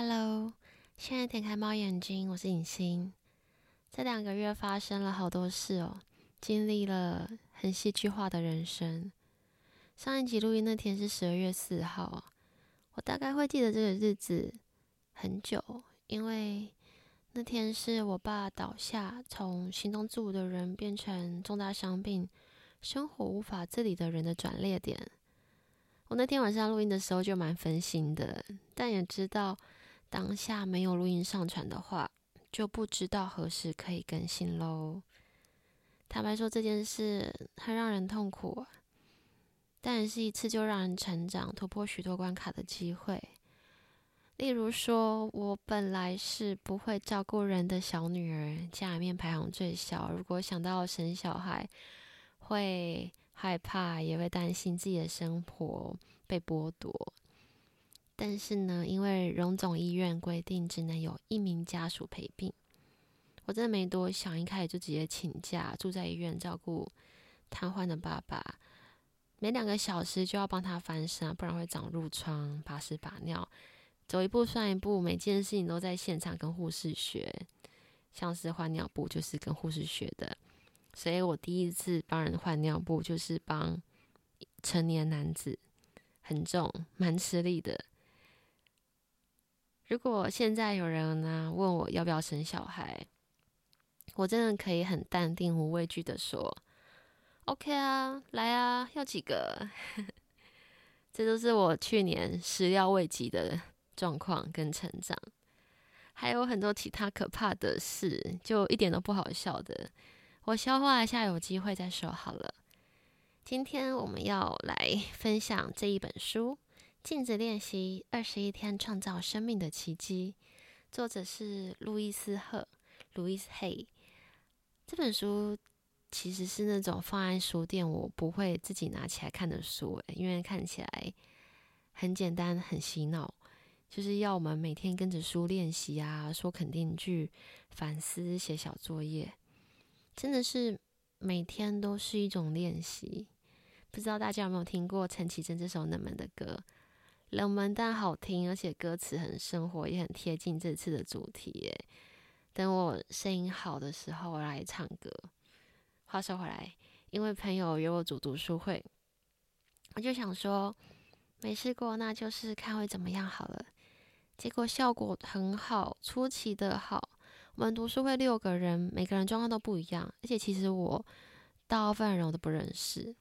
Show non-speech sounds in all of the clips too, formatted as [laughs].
Hello，現在點開貓眼睛，我是影星。這兩個月發生了好多事哦，經歷了很戲劇化的人生。上一集錄音那天是十二月四號，我大概會記得這個日子很久，因為那天是我爸倒下，從行動自如的人變成重大傷病、生活無法自理的人的轉捩點。我那天晚上錄音的時候就蠻分心的，但也知道。當下沒有錄音上傳的話，就不知道何時可以更新嘍。坦白說，這件事很讓人痛苦，但也是一次就讓人成長、突破許多關卡的機會。例如說，我本來是不會照顧人的小女兒，家裡面排行最小，如果想到我生小孩，會害怕，也會擔心自己的生活被剝奪。但是呢，因為榮總醫院規定只能有一名家屬陪病，我真的沒多想，一開始就直接請假住在醫院照顧癱瘓的爸爸，每兩個小時就要幫他翻身啊，不然會長褥瘡、把屎把尿，走一步算一步，每件事情都在現場跟護士學，像是換尿布就是跟護士學的，所以我第一次幫人換尿布就是幫成年男子，很重，蠻吃力的。如果現在有人呢問我要不要生小孩，我真的可以很淡定、無畏懼的說：“OK 啊，來啊，要幾個？” [laughs] 這都是我去年始料未及的狀況跟成長，還有很多其他可怕的事，就一點都不好笑的。我消化一下，有機會再說好了。今天我們要來分享這一本書。鏡子練習二十一天，創造生命的奇蹟。作者是路易斯·赫、路易斯黑。這本書其實是那種放在書店我不會自己拿起來看的書，欸，誒，因為看起來很簡單、很洗腦，就是要我們每天跟着書練習啊，說肯定句、反思、寫小作業，真的是每天都是一種練習。不知道大家有沒有聽過陳綺貞這首冷門的歌？冷門但好聽，而且歌詞很生活，也很貼近這次的主題耶。等我聲音好的時候，我來唱歌。話說回來，因為朋友約我組讀書會，我就想說沒試過，那就試看會怎麼樣好了。結果效果很好，出奇的好。我們讀書會六個人，每個人狀況都不一樣，而且其實我大部分人我都不認識。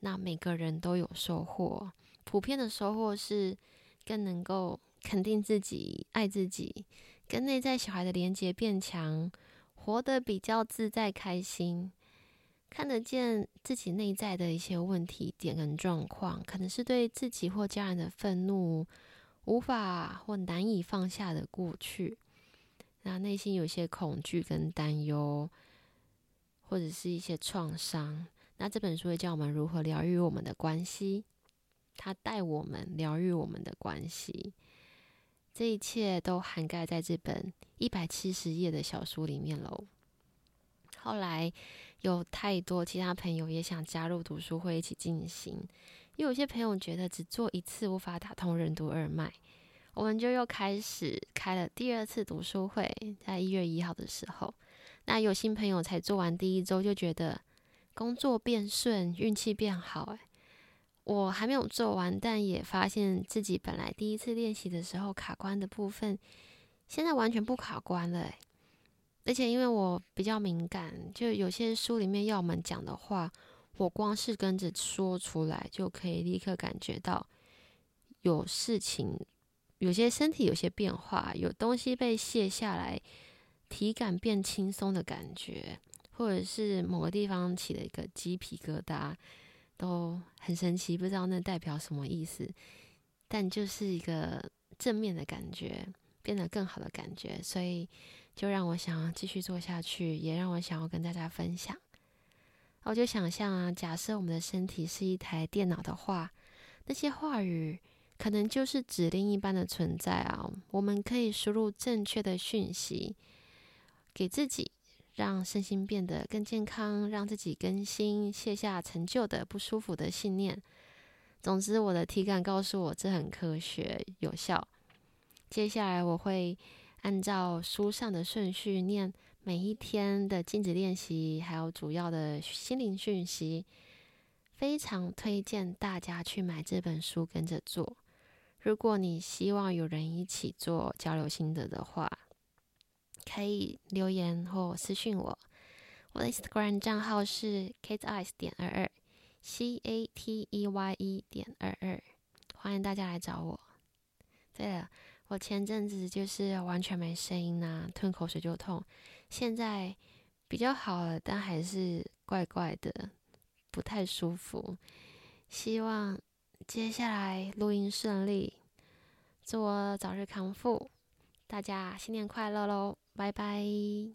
那每個人都有收穫。普遍的收穫是更能夠肯定自己、愛自己，跟內在小孩的連結變強，活得比較自在、開心，看得見自己內在的一些問題點跟狀況，可能是對自己或家人的憤怒，無法或難以放下的過去，那內心有些恐懼跟擔憂，或者是一些創傷。那這本書會教我們如何療癒我們的關係。他帶我們療癒我們的關係，這一切都涵蓋在這本一百七十頁的小書裡面嘍。後來有太多其他朋友也想加入讀書會一起進行，因為有些朋友覺得只做一次無法打通任督二脈，我們就又開始開了第二次讀書會，在一月一號的時候。那有新朋友才做完第一週就覺得工作變順，運氣變好、欸，我還沒有做完，但也發現自己本來第一次練習的時候卡關的部分，現在完全不卡關了。而且因為我比較敏感，就有些書裡面要我們講的話，我光是跟着說出來，就可以立刻感覺到有事情，有些身體有些變化，有東西被卸下來，體感變輕鬆的感覺，或者是某個地方起了一個雞皮疙瘩。都、哦、很神奇，不知道那代表什麼意思，但就是一個正面的感覺，變得更好的感覺，所以就讓我想要繼續做下去，也讓我想要跟大家分享。我、哦、就想象啊，假設我們的身體是一台電腦的話，那些話語可能就是指令一般的存在啊、哦，我們可以輸入正確的訊息給自己。讓身心變得更健康，讓自己更新，卸下陳舊的不舒服的信念。總之，我的體感告訴我，這很科學有效。接下來我會按照書上的順序念每一天的鏡子練習，還有主要的心靈訊息。非常推薦大家去買這本書跟着做。如果你希望有人一起做，交流心得的話，可以留言或私訊我，我的 Instagram 賬號是 cateye 點二二，C A T E Y E 點二二，歡迎大家來找我。對了，我前陣子就是完全沒聲音吶、啊，吞口水就痛，現在比較好了，但還是怪怪的，不太舒服。希望接下來錄音順利，祝我早日康復，大家新年快樂嘍！拜拜。